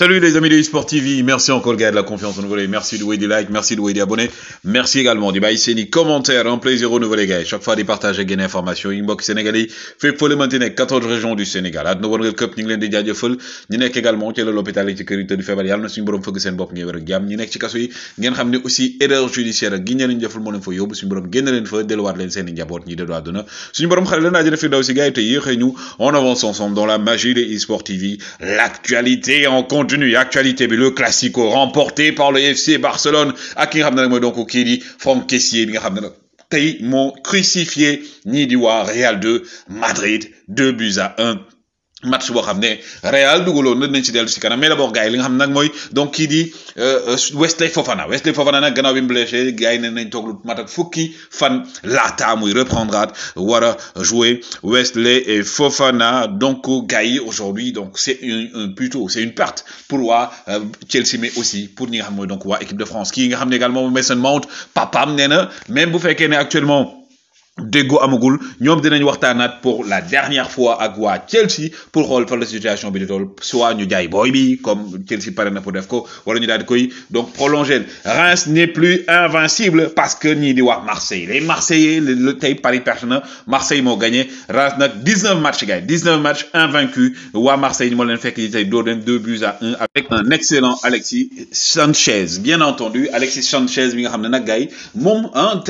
Salut les amis de eSport TV, merci encore le gars de la confiance renouvelée, merci de louer des likes, merci de louer des abonnés, merci également du bail, des commentaires, un plaisir renouvelé gars, chaque fois des partages et des informations, inbox sénégalais, fait pour le maintenir 14 régions du Sénégal, à nouveau le Cup, nous l'avons déjà dit, nous sommes également à l'hôpital de sécurité du Fébrile, nous sommes en train de faire des choses, nous sommes ci kasso yi ngeen aussi erreur judiciaire gi ñeen ñu deful mo leen fa yóbbu suñu borom génn de fa delluwaat leen seen njaboot ñi delluwaat duna suñu borom xale la naa jële fi daw si gars yi te yéexee on avance ensemble dans la magie de eSport TV l'actualité en compte et Actualité, mais le classico remporté par le FC Barcelone. qui Ramdan donc Okili, Franck Kessier, Tay m'ont crucifié. Nidiwa, Real 2, Madrid, 2 buts à 1 match bo xamné Real dugulone na ci dellu ci kanam mais d'abord gars yi li nga xam nak moy donc ki di euh, euh, Wesley Fofana Wesley Fofana nag gannaaw bi blessé gars yi nañ toog lu mat ak fukki fan ta muy reprendre wara jouer westley jouer Wesley Fofana donc gars yi aujourd'hui donc c'est un plutôt c'est une perte pour waa euh, Chelsea mais aussi pour ni nga xam donc wa équipe de France ki nga xam également Mason Mount papam nee même bu fekkee né actuellement Dego amagul nous dinañ waxtanat pour la dernière fois à Gua Chelsea pour faire la situation bi soit nous jaay boy bi comme Chelsea par na pour def ko nous ñu daal donc prolonger Reims n'est plus invincible parce que nous di Marseille les Marseillais le type Paris personnel. Marseille m'a gagné Reims n'a 19 matchs gars 19 matchs invaincus à Marseille Nous leen fekk qu'il tey 2 buts à 1 avec un excellent Alexis Sanchez bien entendu Alexis Sanchez bi nga xam ne gars yi moom hein,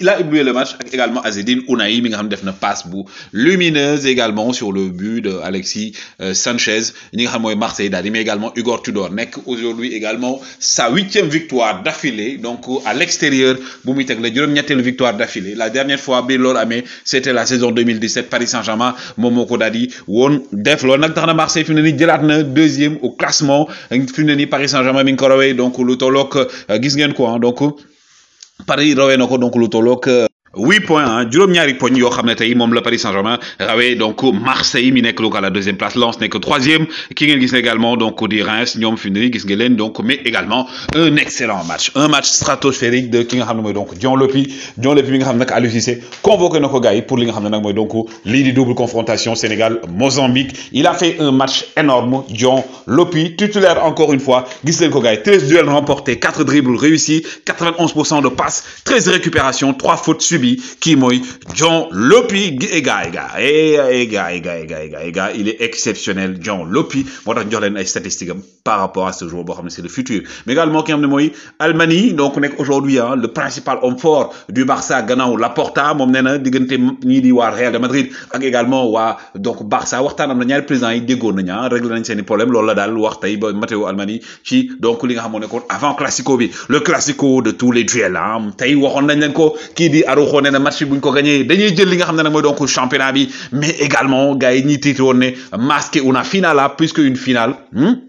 il a ébloui le match également Azedine Ounaï mi nga a def une passe lumineuse également sur le but d'Alexis euh, Sanchez ñi a xam Marseille mais également Hugo Tudor Nek aujourd'hui également sa huitième victoire d'affilée donc à l'extérieur bu muy la une victoire d'affilée la dernière fois c'était la saison 2017 Paris Saint-Germain Momoko Kodadi, ko def Marseille Il deuxième au classement Paris Saint-Germain mi donc lu tolloog euh, gis quoi hein, donc Parli rovenoko, donc l'otolok 8.1. points ah juróom-ñaari poñ Paris Saint-Germain rawee donc Marseille mi à la deuxième place Lens que troisième King and également donc di Reims Nyom Funeri, mu donc mais également un excellent match un match stratosphérique de King donc Dion Lopi. Dion Lopi mi nga à ne convoqué pour li donc l'idée double confrontation Sénégal Mozambique il a fait un match énorme Dion Lopi. titulaire encore une fois gis leen 13 duels remportés 4 dribbles réussis 91% de passes 13 récupérations 3 fautes subi kii mooy John Lopy ega ega ega ega ega ega ega il est exceptionnel John Lopy voilà tax jox leen ay statistiques hein, par rapport à ce joueur mais c'est le futur mais également qui nga xam Almani donc aujourd'hui hein, le principal homme fort du Barça gannaaw la moom mon na diggante ñii di war Real de Madrid également wa donc Barça waxtaan am na ñaari président yi déggoon nañ ah hein, réglé nañ seen problème loolu la dal wax tay ba Matteo Almani ci donc li nga xam moo avant classico bi le classico de tous les duels ah hein, tay waxon nañ leen ko ki di Araujo waxoon ne ne match bi buñ ko gagné dañuy jël li nga xamné nak moy donc championnat bi mais également gaay ñi ñiy tiiti masqué una finale la puisque une finale. Hmm?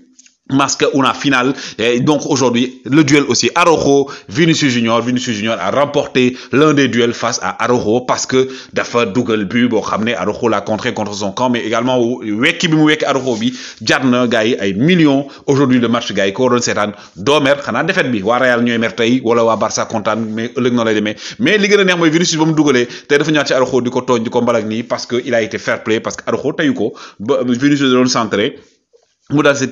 masque a finale et donc aujourd'hui le duel aussi Araujo Vinicius Junior Vinicius Junior a remporté l'un des duels face à Araujo parce que dafa Dougal Bu boo xam ne l'a contré contre son camp mais également wekki bi mu wekki Araujo bi jarna na ay millions aujourd'hui le match gai ko doon seetaan doo mer xanaa défaite bi wa Real ñoy mer tay wala wa Barça contane mais ëllëg noonu lay démé mais li gëna neex moy Vinicius ba dougalé dugalee dafa ñëwaat ci Araujo diko ko diko mbalak ni parce que il a été fair play parce que Araujo teyu ko ba Vinicius doon centré dans et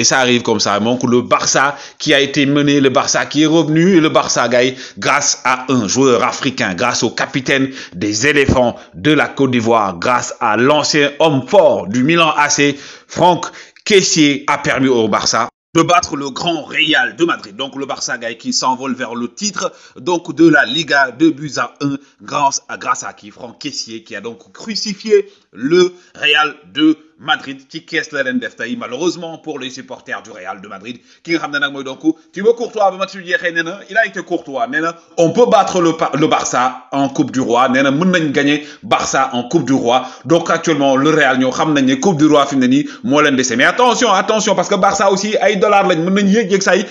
et ça arrive comme ça donc le Barça qui a été mené le Barça qui est revenu et le Barça gagne grâce à un joueur africain grâce au capitaine des éléphants de la Côte d'Ivoire grâce à l'ancien homme fort du Milan AC Franck Kessié a permis au Barça de battre le grand Real de Madrid. Donc le Barça gagne qui s'envole vers le titre donc de la Liga de buts à 1 grâce à, grâce à qui Franck Kessié qui a donc crucifié le Real de Madrid Madrid qui est la leen malheureusement pour les supporters du Real de Madrid qui Courtois il a été courtois on peut battre le Barça en Coupe du Roi On gagner Barça en Coupe du Roi donc actuellement le Real ñoo xam gagner Coupe du Roi fi mais attention attention parce que Barça aussi il dollars lañ des nañ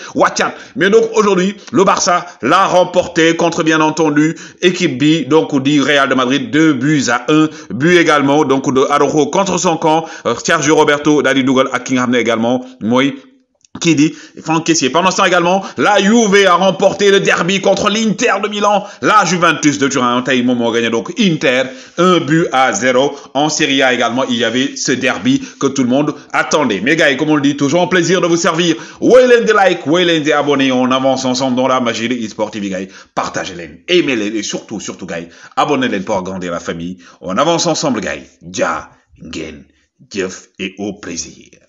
mais donc aujourd'hui le Barça l'a remporté contre bien entendu équipe B donc du Real de Madrid deux buts à un but également donc de contre son camp euh, Sergio Roberto Daddy Dougal, dugal ak également Moi, qui dit Franck Kessier. Pendant ce temps également, la Juve a remporté le derby contre l'Inter de Milan, la Juventus de Turin. moment gagné donc Inter, un but à zéro. En Serie A également, il y avait ce derby que tout le monde attendait. Mais gars, comme on le dit, toujours un plaisir de vous servir. Wayland like, likes, Wayland de abonnés. On avance ensemble dans la magie de e gars. Partagez-les, aimez-les et surtout, surtout, gars abonnez-les pour agrandir la famille. On avance ensemble, gars Ja, gain Dieu et au plaisir.